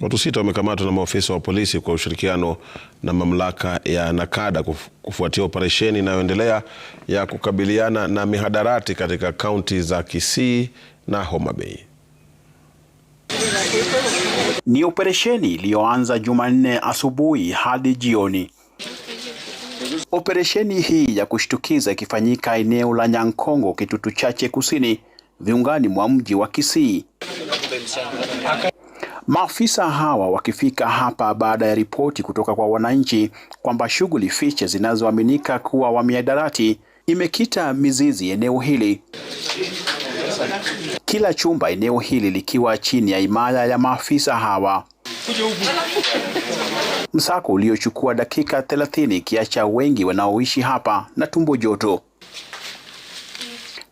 Watu sita wamekamatwa na maafisa wa polisi kwa ushirikiano na mamlaka ya Nakada kufuatia operesheni inayoendelea ya kukabiliana na mihadarati katika kaunti za Kisii na Homa Bay. Ni operesheni iliyoanza Jumanne asubuhi hadi jioni. Operesheni hii ya kushtukiza ikifanyika eneo la Nyankongo, Kitutu Chache Kusini, viungani mwa mji wa Kisii. Maafisa hawa wakifika hapa baada ya ripoti kutoka kwa wananchi kwamba shughuli fiche zinazoaminika kuwa wamiadarati imekita mizizi eneo hili, kila chumba eneo hili likiwa chini ya imara ya maafisa hawa. Msako uliochukua dakika 30 kiacha wengi wanaoishi hapa na tumbo joto.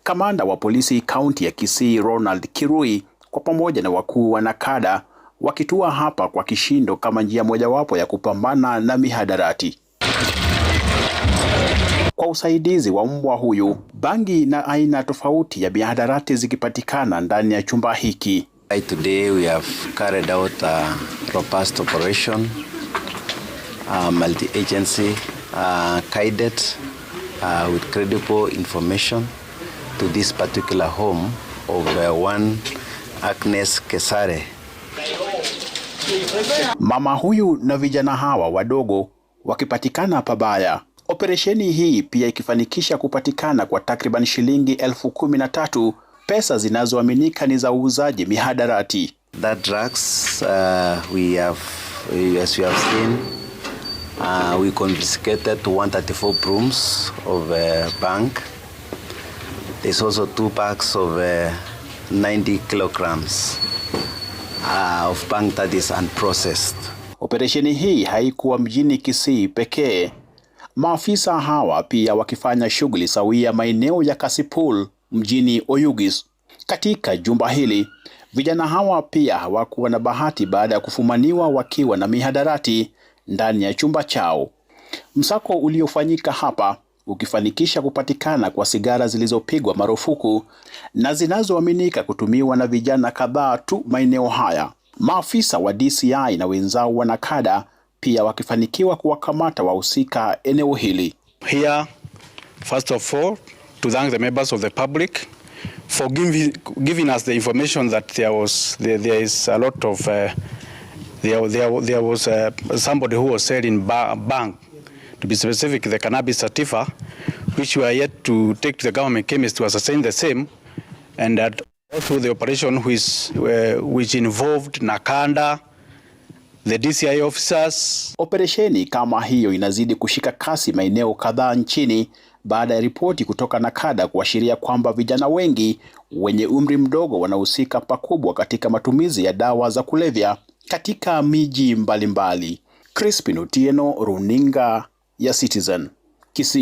Kamanda wa polisi kaunti ya Kisii Ronald Kirui kwa pamoja na wakuu wa nakada wakitua hapa kwa kishindo kama njia mojawapo ya kupambana na mihadarati. Kwa usaidizi wa mbwa huyu, bangi na aina tofauti ya mihadarati zikipatikana ndani ya chumba hiki. Today we have carried out a robust operation, a multi-agency, a guided, a with credible information to this particular home of uh, one Agnes Kesare. Mama huyu na vijana hawa wadogo wakipatikana pabaya. Operesheni hii pia ikifanikisha kupatikana kwa takriban shilingi elfu kumi na tatu pesa zinazoaminika ni za uuzaji mihadarati. That drugs, uh, we have, as we have seen, uh, we confiscated 134 brooms of a bank. There's also two packs of uh, 90 kilograms uh, of bank that is unprocessed. Operesheni hii haikuwa mjini Kisii pekee, maafisa hawa pia wakifanya shughuli sawia maeneo ya Kasipul mjini Oyugis. Katika jumba hili vijana hawa pia hawakuwa na bahati baada ya kufumaniwa wakiwa na mihadarati ndani ya chumba chao. Msako uliofanyika hapa ukifanikisha kupatikana kwa sigara zilizopigwa marufuku na zinazoaminika kutumiwa na vijana kadhaa tu maeneo haya. Maafisa wa DCI na wenzao wa NACADA pia wakifanikiwa kuwakamata wahusika eneo hili. Here, first of all, to thank the members of the public for giving, giving us the information that there was there, there is a lot of uh, there, there, there was uh, somebody who was selling to be specific, the cannabis sativa, which we are yet to take to the government chemist to ascertain the same, and that also the operation which, uh, which involved Nakanda, the DCI officers. Operesheni kama hiyo inazidi kushika kasi maeneo kadhaa nchini baada ya ripoti kutoka Nakada kuashiria kwamba vijana wengi wenye umri mdogo wanahusika pakubwa katika matumizi ya dawa za kulevya katika miji mbalimbali. Crispin Otieno, Runinga ya Citizen Kisi